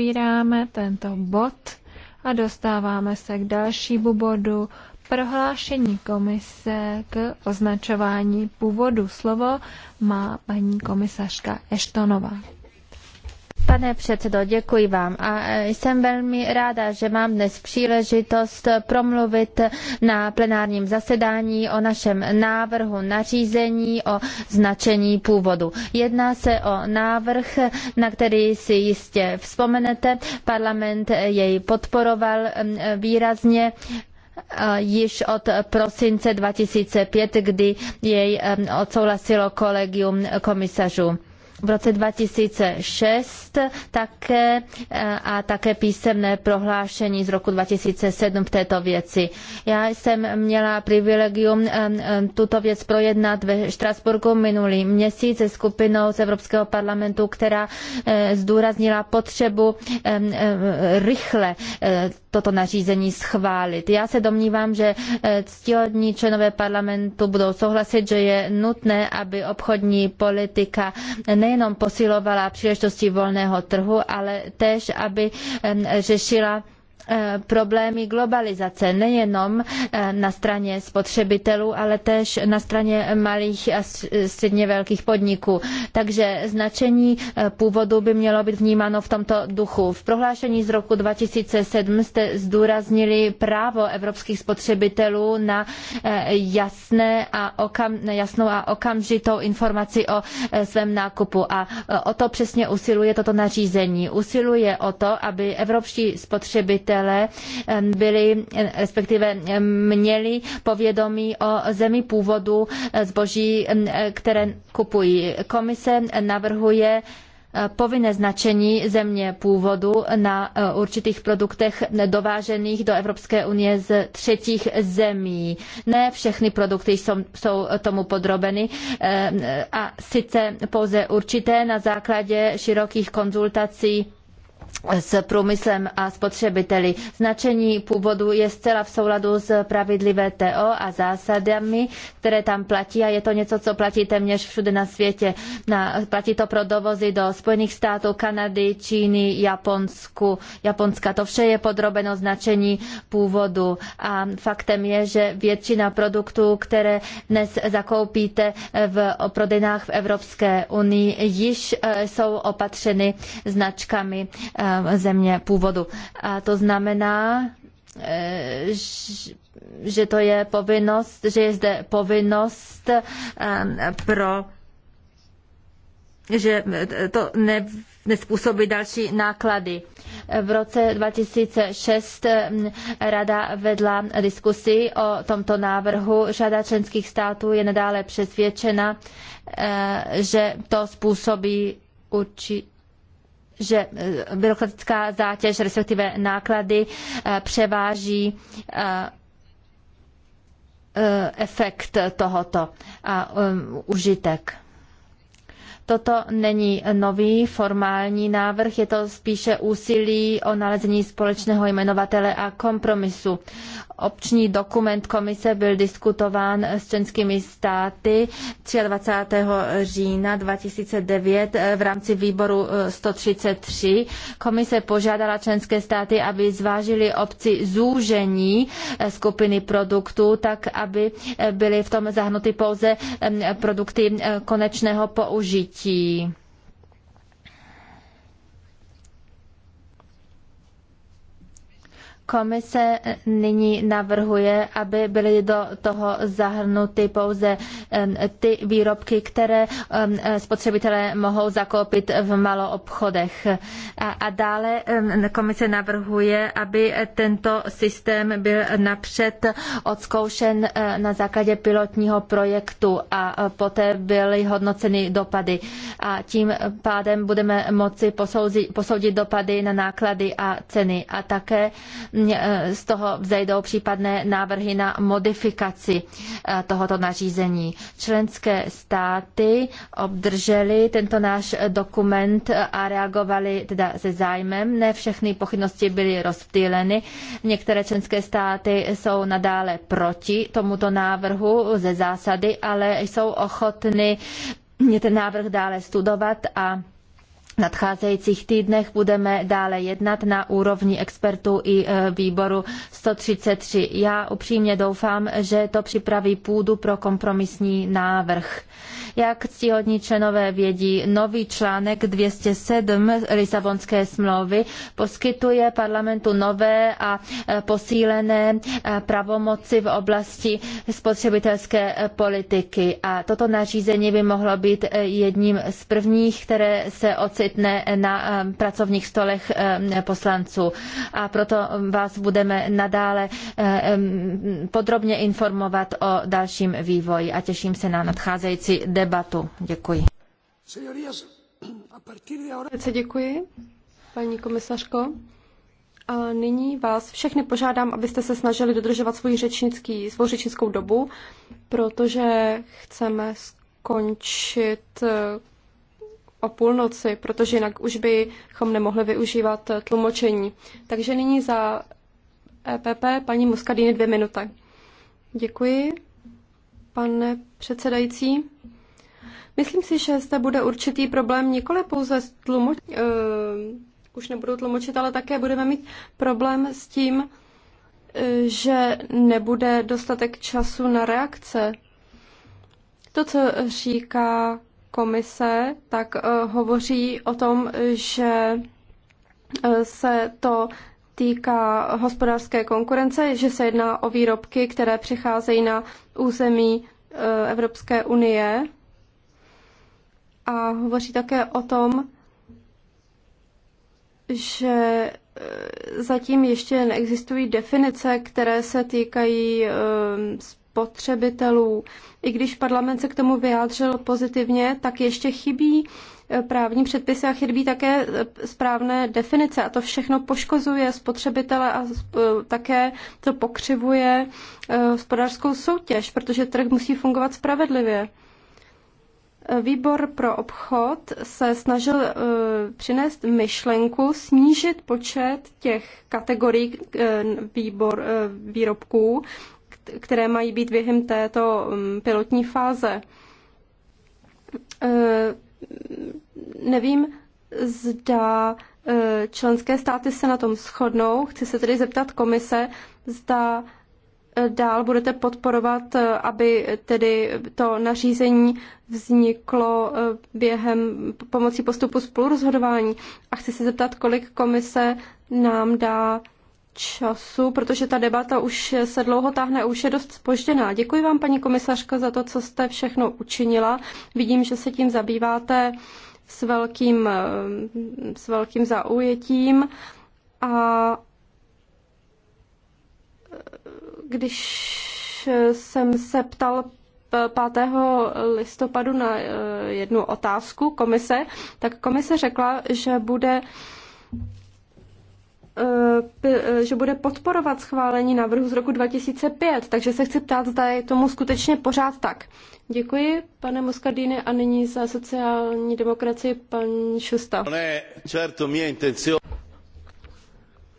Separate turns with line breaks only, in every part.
otvíráme tento bod a dostáváme se k dalšímu bodu prohlášení komise k označování původu. Slovo má paní komisařka Eštonová.
Pane předsedo, děkuji vám a e, jsem velmi ráda, že mám dnes příležitost promluvit na plenárním zasedání o našem návrhu nařízení o značení původu. Jedná se o návrh, na který si jistě vzpomenete. Parlament jej podporoval výrazně e, již od prosince 2005, kdy jej odsouhlasilo kolegium komisařů v roce 2006 také eh, a také písemné prohlášení z roku 2007 v této věci. Já jsem měla privilegium eh, eh, tuto věc projednat ve Štrasburku minulý měsíc se skupinou z Evropského parlamentu, která zdůraznila potřebu rychle toto nařízení schválit. Já se domnívám, že ctihodní členové parlamentu budou souhlasit, že je nutné, aby obchodní politika ne nejenom posilovala příležitosti volného trhu, ale též, aby řešila Eh, problémy globalizace nejenom eh, na straně spotřebitelů, ale též na straně malých a středně velkých podniků. Takže značení eh, původu by mělo být vnímáno v tomto duchu. V prohlášení z roku 2007 jste zdůraznili právo evropských spotřebitelů na, jasné a okam, na jasnou a okamžitou informaci o svém nákupu a o to přesně usiluje toto nařízení. Usiluje o to, aby evropští spotřebitelé učitelé byli, respektive měli povědomí o zemi původu eh, zboží, eh, které kupují. Komise navrhuje eh, povinné značení země původu na určitých produktech dovážených do Evropské unie z třetích zemí. Ne všechny produkty jsou, jsou tomu podrobeny a sice pouze určité na základě širokých konzultací s průmyslem a spotřebiteli. Značení původu je zcela v souladu s pravidly VTO a zásadami, které tam platí a je to něco, co platí téměř všude na světě. Na, platí to pro dovozy do Spojených států, Kanady, Číny, Japonsku, Japonska. To vše je podrobeno značení původu a faktem je, že většina produktů, které dnes zakoupíte v prodejnách v Evropské unii, již e, jsou opatřeny značkami Eh, země původu. A to znamená, eh, že to je povinnost, že je zde povinnost eh, pro že to ne, nespůsobí další náklady. V roce 2006 mm, rada vedla diskusi o tomto návrhu. Řada členských států je nadále přesvědčena, že to způsobí určitě že e, byrokratická zátěž, respektive náklady e, převáží e, efekt tohoto a užitek. Toto není nový formální návrh, je to spíše úsilí o nalezení společného jmenovatele a kompromisu. Opční dokument komise byl diskutován s členskými státy 23. října 2009 v rámci výboru 133. Eh, komise požádala členské státy, aby zvážili obci zúžení eh, skupiny produktů, tak aby eh, byly v tom zahrnuty pouze produkty konečného použití dětí Komise nyní navrhuje, aby byly do toho zahrnuty pouze ty výrobky, které spotřebitelé mohou zakoupit v maloobchodech. A dále komise navrhuje, aby tento systém byl napřed odzkoušen eh, na základě pilotního projektu a poté byly hodnoceny dopady. A tím pádem budeme moci posoudit dopady na náklady a ceny. A také Eh, z toho vzejdou případné návrhy na modifikaci eh, tohoto nařízení. Členské státy obdržely tento náš dokument eh, a reagovali teda se zájmem. Ne všechny pochybnosti byly rozptýleny. Některé členské státy jsou nadále proti tomuto návrhu ze zásady, ale jsou ochotny ten návrh dále studovat a nadcházejících týdnech budeme dále jednat na úrovni expertů i e, výboru 133. Já upřímně doufám, že to připraví půdu pro kompromisní návrh. Jak ctihodní členové vědí, nový článek 207 Lisabonské smlouvy poskytuje parlamentu nové a e, posílené e, pravomoci v oblasti spotřebitelské politiky. A toto nařízení by mohlo být jedním z prvních, které se ocitne nezbytné na eh, pracovních stolech eh, poslanců. A proto vás budeme nadále eh, podrobně informovat o dalším vývoji a těším se na nadcházející debatu. Děkuji.
Velice děkuji, paní komisařko. A nyní vás všechny požádám, abyste se snažili dodržovat svůj řečnický, svou řečnickou dobu, protože chceme skončit o půlnoci, protože jinak už bychom nemohli využívat tlumočení. Takže nyní za EPP paní Muskadýny dvě minuty. Děkuji, pane předsedající. Myslím si, že zde bude určitý problém nikoli pouze s tlumočením, uh, už nebudou tlumočit, ale také budeme mít problém s tím, eh, že nebude dostatek času na reakce. To, co říká komise, tak eh, hovoří o tom, že eh, se to týká hospodářské konkurence, že se jedná o výrobky, které přicházejí na území eh, Evropské unie. A hovoří také o tom, že zatím ještě neexistují definice, které se týkají spotřebitelů. I když parlament se k tomu vyjádřil pozitivně, tak ještě chybí eh, právní předpisy a chybí také eh, správné definice. A to všechno poškozuje spotřebitele a eh, také to pokřivuje hospodářskou soutěž, protože trh musí fungovat spravedlivě. Výbor pro obchod se snažil uh, přinést myšlenku snížit počet těch kategorií uh, výbor, uh, výrobků které mají být během této mm, pilotní fáze. Eh, nevím, zda eh, členské státy se na tom shodnou. Chci se tedy zeptat komise, zda eh, dál budete podporovat, aby tedy to nařízení vzniklo během pomocí postupu spolurozhodování. A chci se zeptat, kolik komise nám dá času, protože ta debata už se dlouho táhne, už je dost spožděná. Děkuji vám, paní komisařka, za to, co jste všechno učinila. Vidím, že se tím zabýváte s velkým, s velkým zaujetím a když jsem se ptal 5. listopadu na eh, jednu otázku komise, tak komise řekla, že bude Eh, eh, že bude podporovat schválení návrhu z roku 2005, takže se chci ptát, zda je tomu skutečně pořád tak. Děkuji, pane Moscardini, a nyní za
sociální demokracii pan Šusta.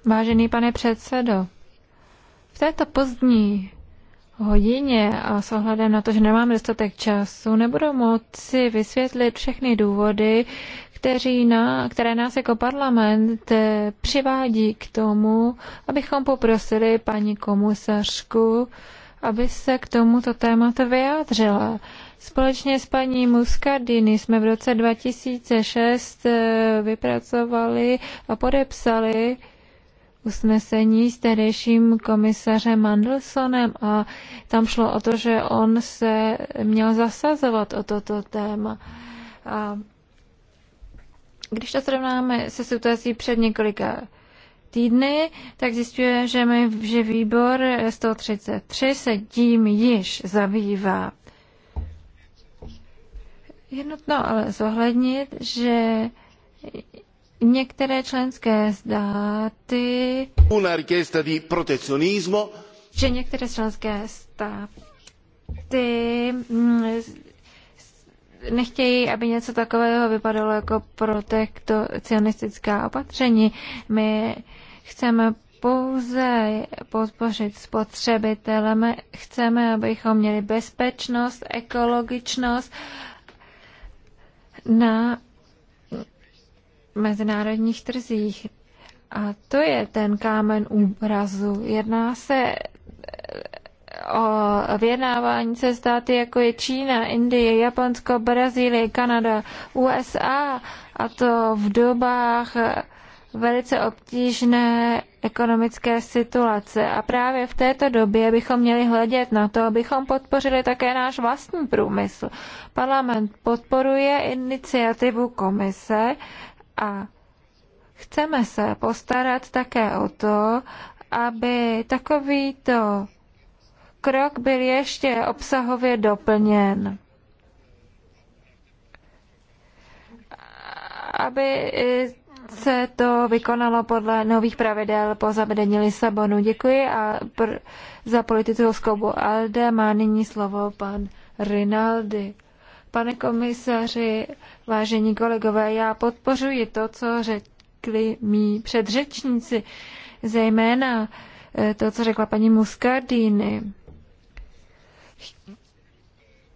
Vážený pane předsedo, v této pozdní hodině a s ohledem na to, že nemám dostatek času, nebudu moci vysvětlit všechny důvody, kteří na, které nás jako parlament eh, přivádí k tomu, abychom poprosili paní komisařku, aby se k tomuto tématu vyjádřila. Společně s paní Muscardini jsme v roce 2006 eh, vypracovali a podepsali usnesení s tehdejším komisařem Mandelsonem a tam šlo o to, že on se měl zasazovat o toto téma. A když to srovnáme se situací před několika týdny, tak zjistuje, že, my, že výbor 133 se tím již zabývá. Je nutno ale zohlednit, že některé členské státy
Una richiesta di protezionismo
že některé členské státy mm, nechtějí, aby něco takového vypadalo jako protekcionistická opatření. My chceme pouze podpořit spotřebitele, chceme, abychom měli bezpečnost, ekologičnost na mezinárodních trzích. A to je ten kámen úrazu. Jedná se o vyjednávání se státy, jako je Čína, Indie, Japonsko, Brazílie, Kanada, USA, a to v dobách velice obtížné ekonomické situace. A právě v této době bychom měli hledět na to, abychom podpořili také náš vlastní průmysl. Parlament podporuje iniciativu komise a chceme se postarat také o to, aby takovýto krok byl ještě obsahově doplněn. Aby se to vykonalo podle nových pravidel po zavedení Lisabonu. Děkuji a pr- za politickou skobu ALDE má nyní slovo pan Rinaldi. Pane komisaři, vážení kolegové, já podpořuji to, co řekli mý předřečníci, zejména eh, to, co řekla paní Muscardini.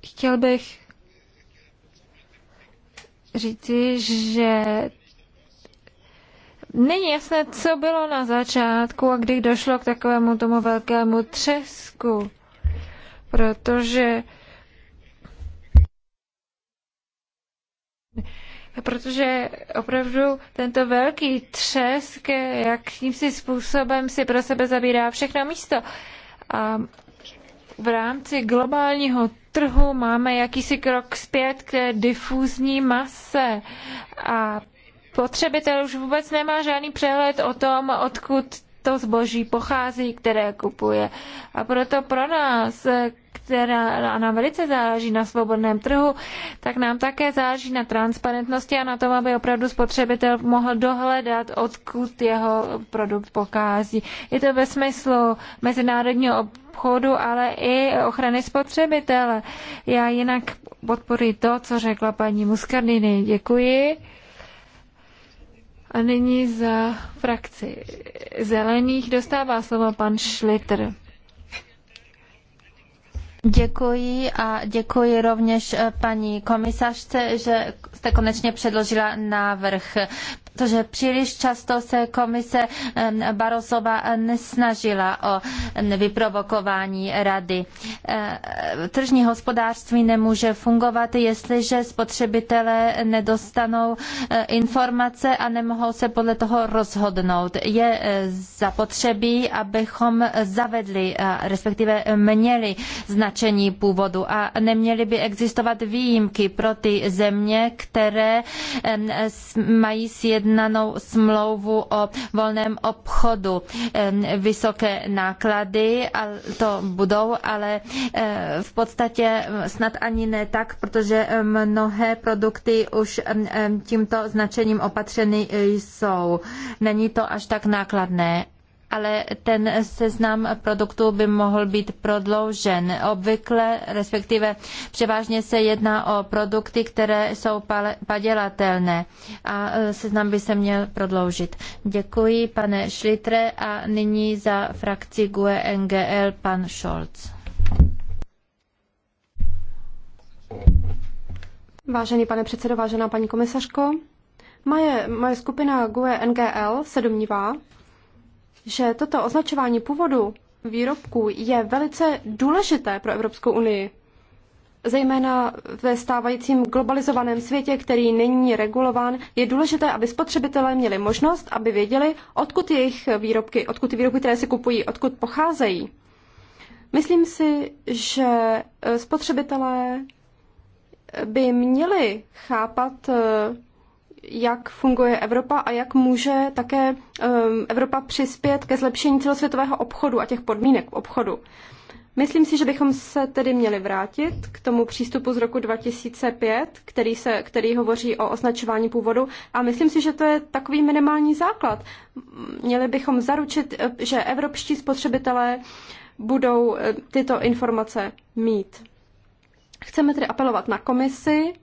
Chtěl bych říci, že Není jasné, co bylo na začátku a kdy došlo k takovému tomu velkému třesku, protože Protože opravdu tento velký třesk, tím si způsobem si pro sebe zabírá všechno místo. A v rámci globálního trhu máme jakýsi krok zpět k difúzní mase a potřebitel už vůbec nemá žádný přehled o tom, odkud to zboží pochází, které kupuje. A proto pro nás, která nám velice záleží na svobodném trhu, tak nám také záleží na transparentnosti a na tom, aby opravdu spotřebitel mohl dohledat, odkud jeho produkt pokází. Je to ve smyslu mezinárodního obchodu, ale i ochrany spotřebitele. Já jinak podporuji to, co řekla paní Muscardini. Děkuji. A nyní za frakci
zelených
dostává slovo pan Schlitter.
Děkuji a děkuji rovněž eh, paní komisařce, že jste konečně předložila návrh protože příliš často se komise Barosova nesnažila o vyprovokování rady. E, tržní hospodářství nemůže fungovat, jestliže spotřebitelé nedostanou e, informace a nemohou se podle toho rozhodnout. Je e, zapotřebí, abychom zavedli, respektive měli značení původu a neměly by existovat výjimky pro ty země, které mají sjednotit vyjednanou smlouvu o volném obchodu. Vysoké náklady to budou, ale eh, v podstatě snad ani ne tak, protože mnohé produkty už tímto značením opatřeny eh, jsou. Není to až tak nákladné ale ten seznam produktů by mohl být prodloužen. Obvykle, respektive převážně se jedná o produkty, které jsou padělatelné a e, seznam by se měl prodloužit. Děkuji, pane Šlitre, a nyní za frakci GUE NGL pan Scholz. Vážený pane
předsedo, vážená paní komisařko, moje, moje skupina GUE NGL se domnívá, že toto označování původu výrobků je velice důležité pro Evropskou unii, zejména ve stávajícím globalizovaném světě, který není regulován, je důležité, aby spotřebitelé měli možnost, aby věděli, odkud jejich výrobky, odkud ty výrobky, které si kupují, odkud pocházejí. Myslím si, že eh, spotřebitelé by měli chápat eh, jak funguje Evropa a jak může také um, Evropa přispět ke zlepšení celosvětového obchodu a těch podmínek obchodu. Myslím si, že bychom se tedy měli vrátit k tomu přístupu z roku 2005, který, se, který hovoří o označování původu a myslím si, že to je takový minimální základ. Měli bychom zaručit, že evropští spotřebitelé budou eh, tyto informace mít. Chceme tedy apelovat na komisi,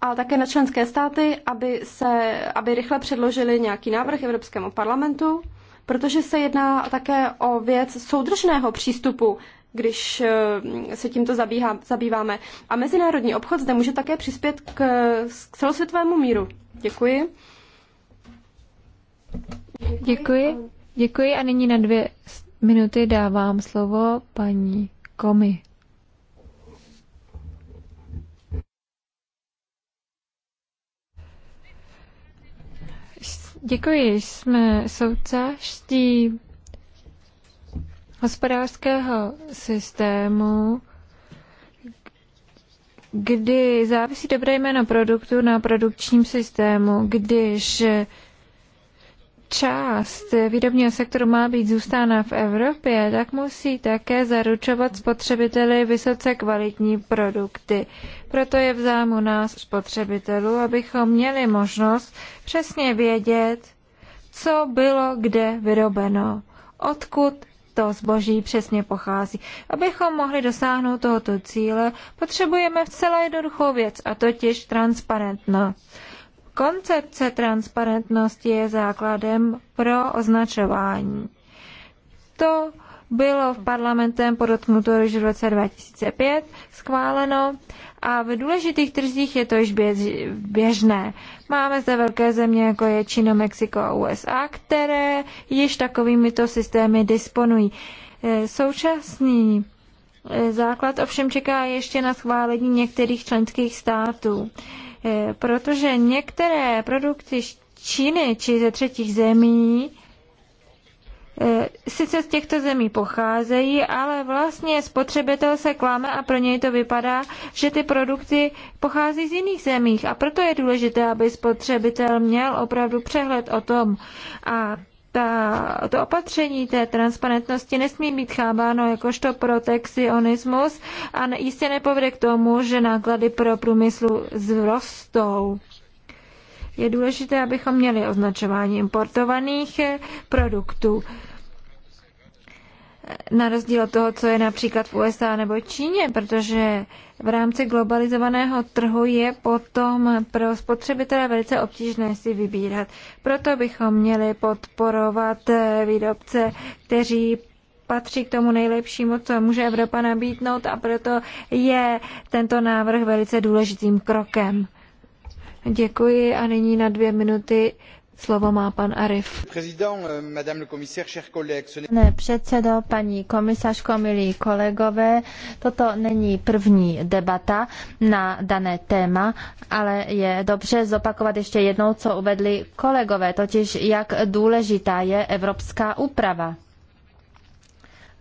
a také na členské státy, aby, se, aby rychle předložili nějaký návrh Evropskému parlamentu, protože se jedná také o věc soudržného přístupu, když eh, se tímto zabíhá, zabýváme. A mezinárodní obchod zde může také přispět k,
k celosvětovému míru. Děkuji. Děkuji. Děkuji a nyní na dvě minuty dávám slovo paní Komi. Děkuji. Jsme součástí hospodářského systému, kdy závisí dobré jméno produktu na produkčním systému, když část výrobního sektoru má být zůstána v Evropě, tak musí také zaručovat spotřebiteli vysoce kvalitní produkty. Proto je v zájmu nás spotřebitelů, abychom měli možnost přesně vědět, co bylo kde vyrobeno, odkud to zboží přesně pochází. Abychom mohli dosáhnout tohoto cíle, potřebujeme v celé jednoduchou věc, a totiž transparentnost. Koncepce transparentnosti je základem pro označování. To bylo v parlamentem podotknuto již v roce 2005 schváleno a v důležitých trzích je to již běžné. Máme zde velké země, jako je Čino, Mexiko a USA, které již takovýmito systémy disponují. Eh, současný eh, základ ovšem čeká ještě na schválení některých členských států. Eh, protože některé produkty z Číny či ze třetích zemí eh, sice z těchto zemí pocházejí, ale vlastně spotřebitel se klame a pro něj to vypadá, že ty produkty pochází z jiných zemích a proto je důležité, aby spotřebitel měl opravdu přehled o tom. A ta, to opatření té transparentnosti nesmí být chábáno jakožto protekcionismus a jistě nepovede k tomu, že náklady pro průmysl zrostou. Je důležité, abychom měli označování importovaných produktů na rozdíl od toho, co je například v USA nebo Číně, protože v rámci globalizovaného trhu je potom pro spotřebitele velice obtížné si vybírat. Proto bychom měli podporovat výrobce, kteří patří k tomu nejlepšímu, co může Evropa nabídnout a proto je tento návrh velice důležitým krokem. Děkuji a nyní na dvě minuty Slovo má pan Arif.
Pane předsedo, paní komisařko, milí kolegové, toto není první debata na dané téma, ale je dobře zopakovat ještě jednou, co uvedli kolegové, totiž jak důležitá je evropská úprava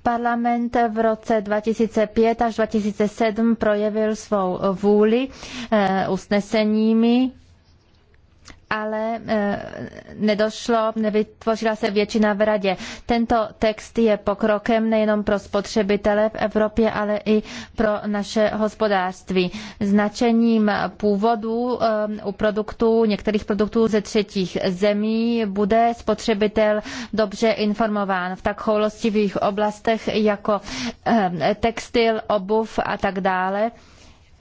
parlament v roce 2005 až 2007 projevil svou vůli eh, usneseními ale eh, nedošlo, nevytvořila se většina v radě. Tento text je pokrokem nejenom pro spotřebitele v Evropě, ale i pro naše hospodářství. Značením původu eh, u produktů, některých produktů ze třetích zemí bude spotřebitel dobře informován v tak choulostivých oblastech jako eh, textil, obuv a tak dále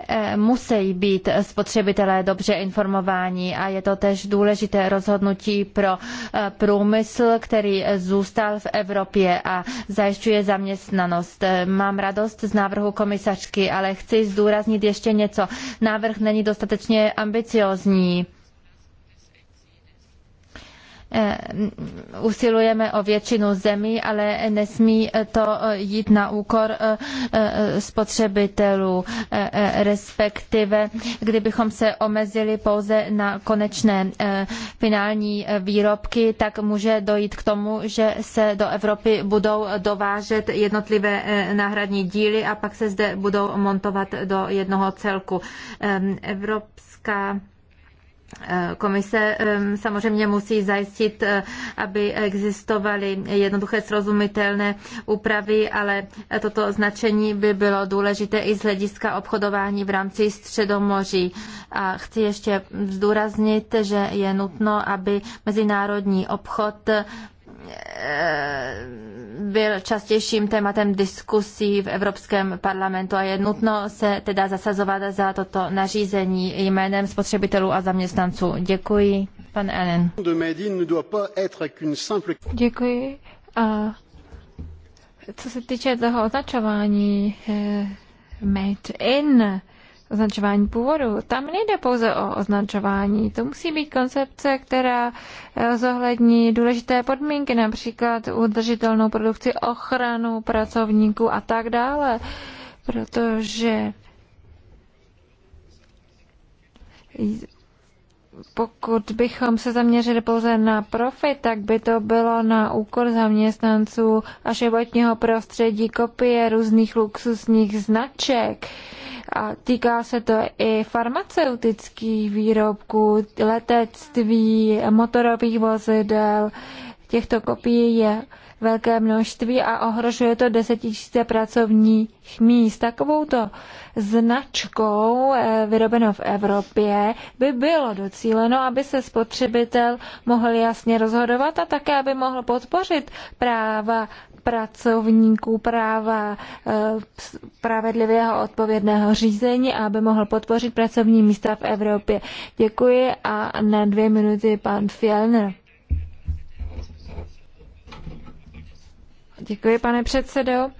Eh, musí být spotřebitelé dobře informováni a je to tež důležité rozhodnutí pro eh, průmysl, který zůstal v Evropě a zajišťuje zaměstnanost. Eh, mám radost z návrhu komisařky, ale chci zdůraznit ještě něco. Návrh není dostatečně ambiciózní. Eh, usilujeme o většinu zemí, ale nesmí to eh, jít na úkor eh, spotřebitelů, respektive kdybychom se omezili pouze na konečné finální výrobky, tak může dojít k tomu, že se do Evropy budou dovážet jednotlivé náhradní díly a pak se zde budou montovat do jednoho celku. Ehm, Evropská Eh, komise ehm, samozřejmě musí zajistit, eh, aby existovaly jednoduché srozumitelné úpravy, ale toto označení by bylo důležité i z hlediska obchodování v rámci Středomoří. A chci ještě zdůraznit, že je nutno, aby mezinárodní obchod Eh, byl častějším tématem diskusí v Evropském parlamentu a je nutno se teda zasazovat za toto nařízení jménem spotřebitelů a zaměstnanců. Děkuji, pan Ellen.
Děkuji. A co se týče toho označování eh, made in, označování původu. Tam nejde pouze o označování. To musí být koncepce, která eh, zohlední důležité podmínky, například udržitelnou produkci, ochranu pracovníků a tak dále. Protože pokud bychom se zaměřili pouze na profit, tak by to bylo na úkor zaměstnanců a životního prostředí kopie různých luxusních značek. A týká se to i farmaceutických výrobků, letectví, motorových vozidel. Těchto kopií je velké množství a ohrožuje to desetitisíce pracovních míst. Takovouto značkou eh, vyrobenou v Evropě by bylo docíleno, aby se spotřebitel mohl jasně rozhodovat a také, aby mohl podpořit práva pracovníků práva eh, spravedlivého odpovědného řízení, aby mohl podpořit pracovní místa v Evropě. Děkuji a na dvě minuty pan Fjellner. Děkuji, pane předsedo.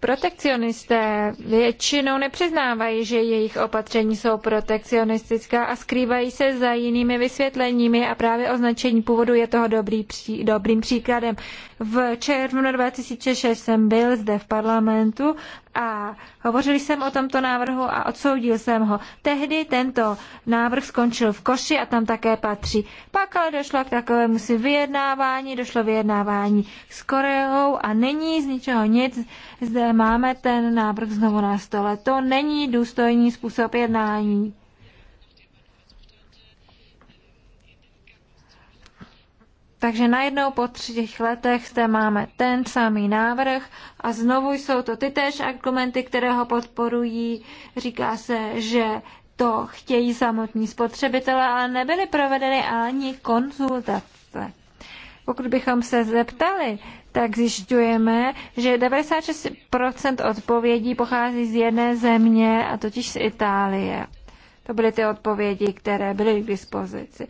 Protekcionisté většinou nepřiznávají, že jejich opatření jsou protekcionistická a skrývají se za jinými vysvětleními a právě označení původu je toho dobrý, dobrým příkladem. V červnu 2006 jsem byl zde v parlamentu a hovořil jsem o tomto návrhu a odsoudil jsem ho. Tehdy tento návrh skončil v koši a tam také patří. Pak ale došlo k takovému si vyjednávání, došlo vyjednávání s Koreou a není z ničeho nic. Zde máme ten návrh znovu na stole. To není důstojný způsob jednání. Takže najednou po třech letech zde máme ten samý návrh a znovu jsou to ty též argumenty, které ho podporují. Říká se, že to chtějí samotní spotřebitelé, ale nebyly provedeny ani konzultace. Pokud bychom se zeptali, tak zjišťujeme, že 96% odpovědí pochází z jedné země, a totiž z Itálie. To byly ty odpovědi, které byly k dispozici.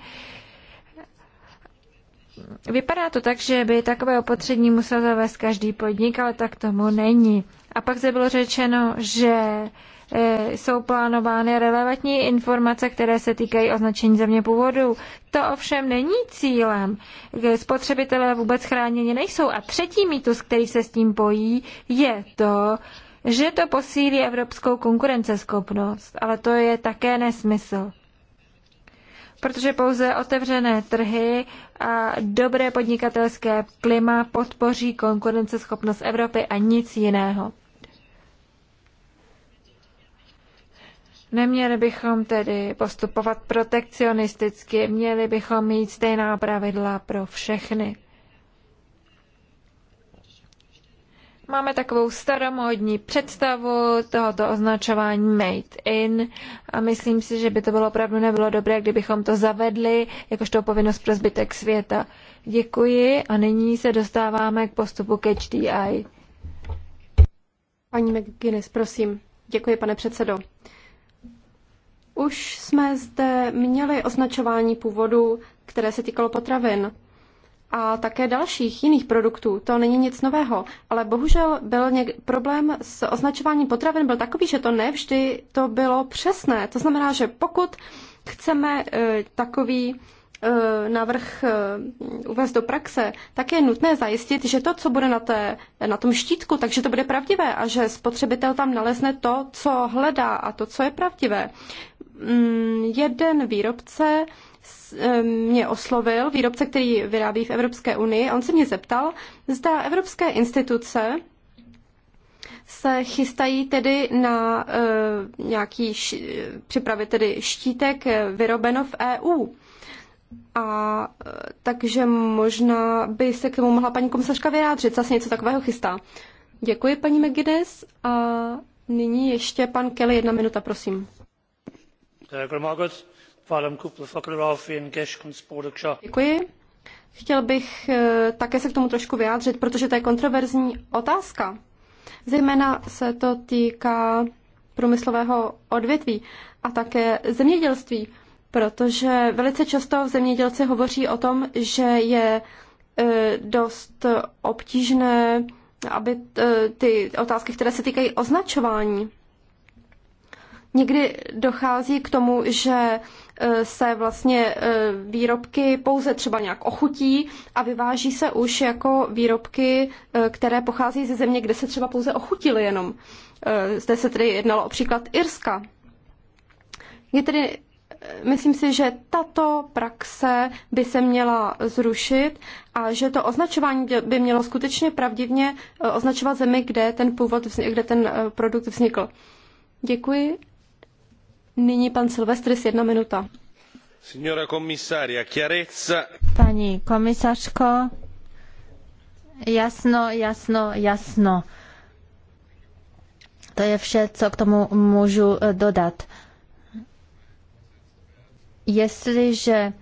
Vypadá to tak, že by takové opatření musel zavést každý podnik, ale tak tomu není. A pak se bylo řečeno, že e, jsou plánovány relevantní informace, které se týkají označení země původu. To ovšem není cílem. Spotřebitelé vůbec chráněni nejsou. A třetí mýtus, který se s tím pojí, je to, že to posílí evropskou konkurenceschopnost. Ale to je také nesmysl protože pouze otevřené trhy a dobré podnikatelské klima podpoří konkurenceschopnost Evropy a nic jiného. Neměli bychom tedy postupovat protekcionisticky, měli bychom mít stejná pravidla pro všechny. Máme takovou staromodní představu tohoto označování made in a myslím si, že by to bylo opravdu nebylo dobré, kdybychom to zavedli jakožto povinnost pro zbytek světa. Děkuji a nyní se dostáváme k postupu k HDI. Paní McGuinness, prosím. Děkuji, pane předsedo.
Už jsme zde měli označování původu, které se týkalo potravin a také dalších jiných produktů. To není nic nového, ale bohužel byl něk- problém s označováním potravin byl takový, že to nevždy to bylo přesné. To znamená, že pokud chceme e, takový eh, návrh eh, uvést do praxe, tak je nutné zajistit, že to, co bude na, té, na tom štítku, takže to bude pravdivé a že spotřebitel tam nalezne to, co hledá a to, co je pravdivé. Mm, jeden výrobce mě oslovil výrobce, který vyrábí v Evropské unii. On se mě zeptal, zda evropské instituce se chystají tedy na uh, nějaký š, e, připravit tedy štítek e, vyrobeno v EU. A takže možná by se k tomu mohla paní komisařka vyjádřit, zase něco takového chystá. Děkuji, paní McGuinness. A nyní ještě pan Kelly, jedna minuta, prosím.
Děkuji, Děkuji.
Chtěl bych eh, také se k tomu trošku vyjádřit, protože to je kontroverzní otázka. Zejména se to týká průmyslového odvětví a také zemědělství, protože velice často zemědělci hovoří o tom, že je eh, dost obtížné, aby eh, ty otázky, které se týkají označování, někdy dochází k tomu, že E, se vlastně e, výrobky pouze třeba nějak ochutí a vyváží se už jako výrobky, e, které pochází ze země, kde se třeba pouze ochutili jenom. Zde se tedy jednalo o příklad Irska. Je tedy myslím si, že tato praxe by se měla zrušit a že to označování by mělo skutečně pravdivně označovat zemi, kde ten původ, kde ten produkt vznikl. Děkuji.
Nyní pan Silvestris, jedna minuta.
Signora chiarezza.
Paní komisařko, jasno, jasno, jasno. To je vše, co k tomu můžu eh, dodat. Jestliže eh,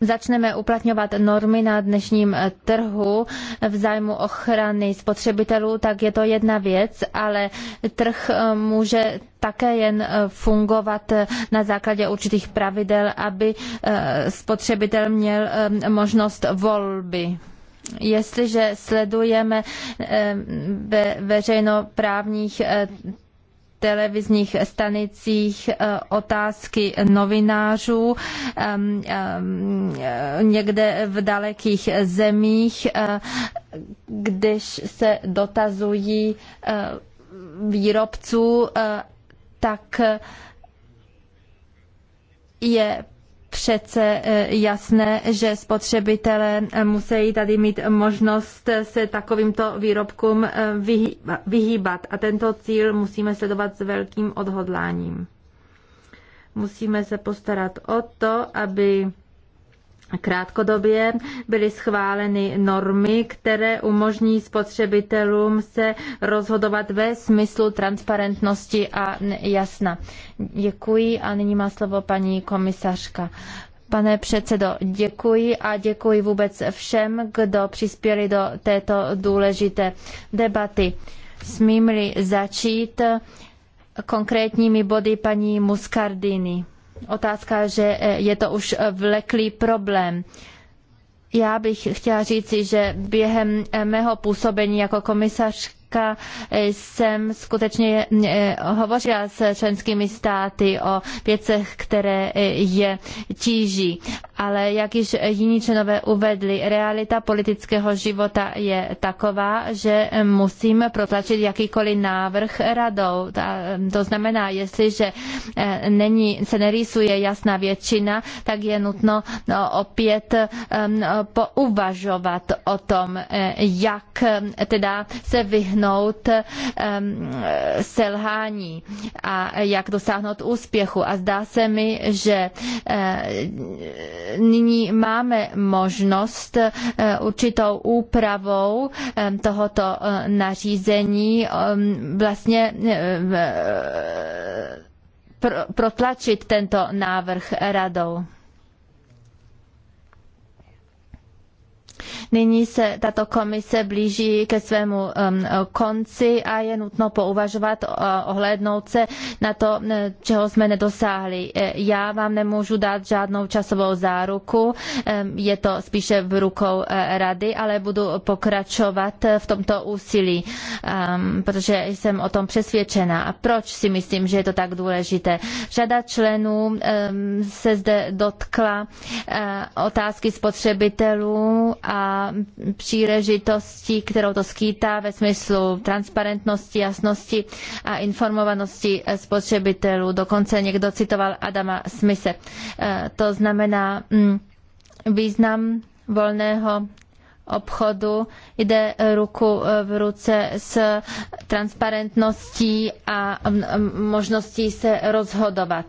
začneme uplatňovat normy na dnešním eh, trhu v zájmu ochrany spotřebitelů, tak je to jedna věc, ale trh eh, může také jen eh, fungovat na základě určitých pravidel, aby spotřebitel měl možnost volby jestliže sledujeme ve veřejnoprávních televizních stanicích eh, otázky novinářů někde v dalekých zemích, eh, když se dotazují eh, výrobců, tak je přece e, jasné, že spotřebitelé e, musí tady mít možnost se takovýmto výrobkům e, vyhýbat. A tento cíl musíme sledovat s velkým odhodláním. Musíme se postarat o to, aby Krátkodobě byly schváleny normy, které umožní spotřebitelům se rozhodovat ve smyslu transparentnosti a jasna. Děkuji a nyní má slovo paní komisařka. Pane předsedo, děkuji a děkuji vůbec všem, kdo přispěli do této důležité debaty. Smím-li začít konkrétními body paní Muscardini otázka, že eh, je to už eh, vleklý problém. Já bych chtěla říci, že během eh, mého působení jako komisař Polska eh, jsem skutečně eh, hovořila s členskými státy o věcech, které eh, je tíží. Ale jak již jiní členové uvedli, realita politického života je taková, že musím protlačit jakýkoliv návrh radou. To znamená, jestliže není, se nerýsuje jasná většina, tak je nutno no, opět no, pouvažovat o tom, jak teda se vyhnout vyhnout selhání a jak dosáhnout úspěchu. A zdá se mi, že eh, nyní máme možnost eh, určitou úpravou tohoto eh, nařízení vlastně protlačit tento návrh radou. Nyní se tato komise blíží ke svému um, konci a je nutno pouvažovat, uh, ohlédnout se na to, uh, čeho jsme nedosáhli. Uh, já vám nemůžu dát žádnou časovou záruku, um, je to spíše v rukou rady, ale budu pokračovat v tomto úsilí, um, protože jsem o tom přesvědčena. A proč si myslím, že je to tak důležité? Řada členů se zde dotkla otázky spotřebitelů a příležitostí, kterou to skýtá ve smyslu transparentnosti, jasnosti a informovanosti spotřebitelů. Dokonce někdo citoval Adama Smise. E, to znamená mm, význam volného obchodu jde ruku v ruce s transparentností a možností se rozhodovat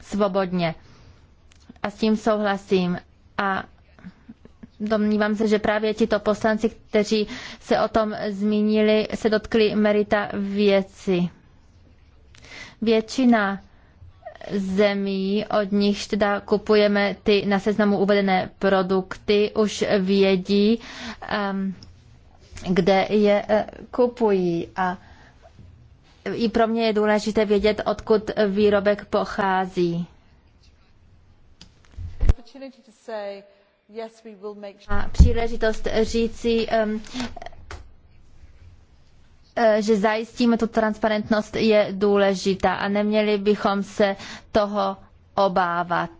svobodně. A s tím souhlasím. A Domnívám se, že právě tito poslanci, kteří se o tom zmínili, se dotkli merita věci. Většina zemí, od nichž teda kupujeme ty na seznamu uvedené produkty, už vědí, ehm, kde je eh, kupují. A i pro mě je důležité vědět, odkud výrobek pochází. A příležitost říci, e, že zajistíme tu transparentnost je důležitá a neměli bychom se toho obávat.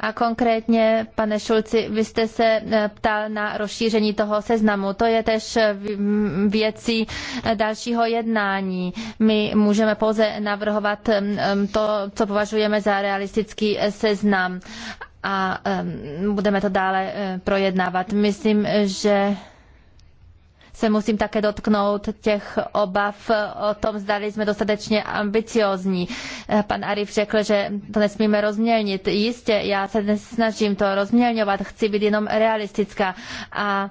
A konkrétně, pane Šulci, vy jste se eh, ptal na rozšíření toho seznamu. To je tež eh, věcí eh, dalšího jednání. My můžeme pouze navrhovat to, co považujeme za realistický seznam a budeme to dále projednávat. Myslím, že se musím také dotknout těch obav o tom, zdali jsme dostatečně ambiciozní. Pan Arif řekl, že to nesmíme rozmělnit. Jistě, já se snažím to rozmělňovat, chci být jenom realistická a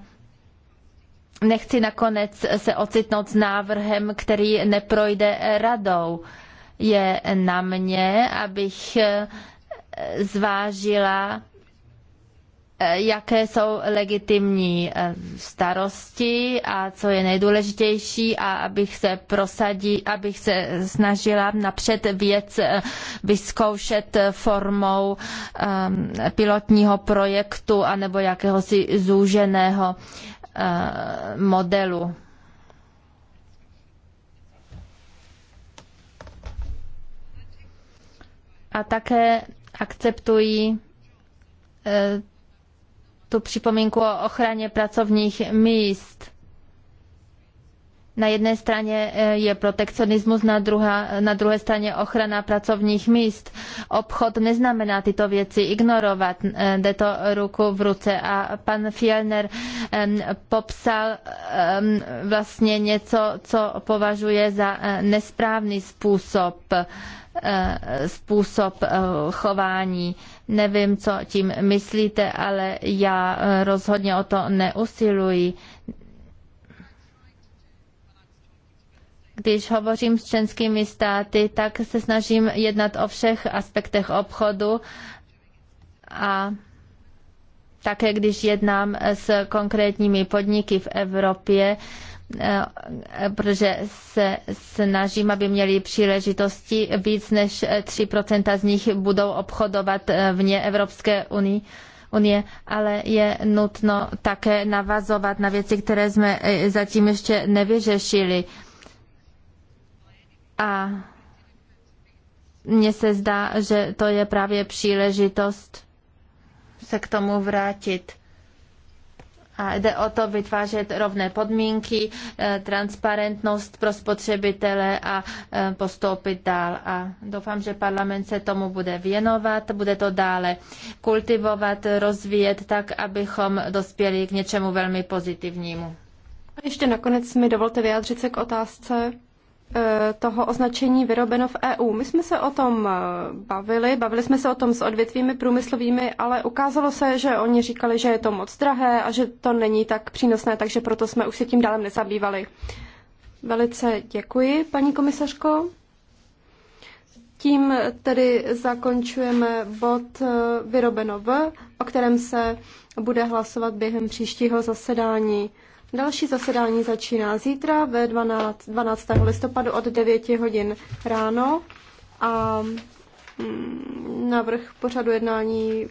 nechci nakonec se ocitnout s návrhem, který neprojde radou. Je na mě, abych zvážila Eh, jaké jsou legitimní eh, starosti a co je nejdůležitější a abych se prosadí, abych se snažila napřed věc eh, vyzkoušet formou pilotního projektu anebo jakéhosi zúženého modelu. A také akceptují tu připomínku o ochraně pracovních míst. Na jedné straně e, je protekcionismus, na, druhá, na druhé straně ochrana pracovních míst. Obchod neznamená tyto věci ignorovat, e, jde to ruku v ruce. A pan Fielner e, popsal vlastně něco, co považuje za nesprávný způsob, způsob chování Nevím, co tím myslíte, ale já eh, rozhodně o to neusiluji. Když hovořím s členskými státy, tak se snažím jednat o všech aspektech obchodu a také když jednám s konkrétními podniky v Evropě, Eh, protože se snažím, aby měli příležitosti. Víc než 3% z nich budou obchodovat eh, vně Evropské unii unie, ale je nutno také navazovat na věci, které jsme eh, zatím ještě nevyřešili. A mně se zdá, že to je právě příležitost se k tomu vrátit. A jde o to vytvářet rovné podmínky, eh, transparentnost pro spotřebitele a eh, postoupit dál. A doufám, že parlament se tomu bude věnovat, bude to dále kultivovat, rozvíjet tak, abychom dospěli k něčemu velmi pozitivnímu.
A ještě nakonec mi dovolte vyjádřit se k otázce, Eh, toho označení vyrobeno v EU. My jsme se o tom eh, bavili, bavili jsme se o tom s odvětvími průmyslovými, ale ukázalo se, že oni říkali, že je to moc drahé a že to není tak přínosné, takže proto jsme už se tím dále nezabývali. Velice děkuji, paní komisařko. Tím tedy zakončujeme bod eh, vyrobeno v, o kterém se bude hlasovat během příštího zasedání. Další zasedání začíná zítra ve 12, 12. listopadu od 9 hodin ráno a mm, navrh pořadu jednání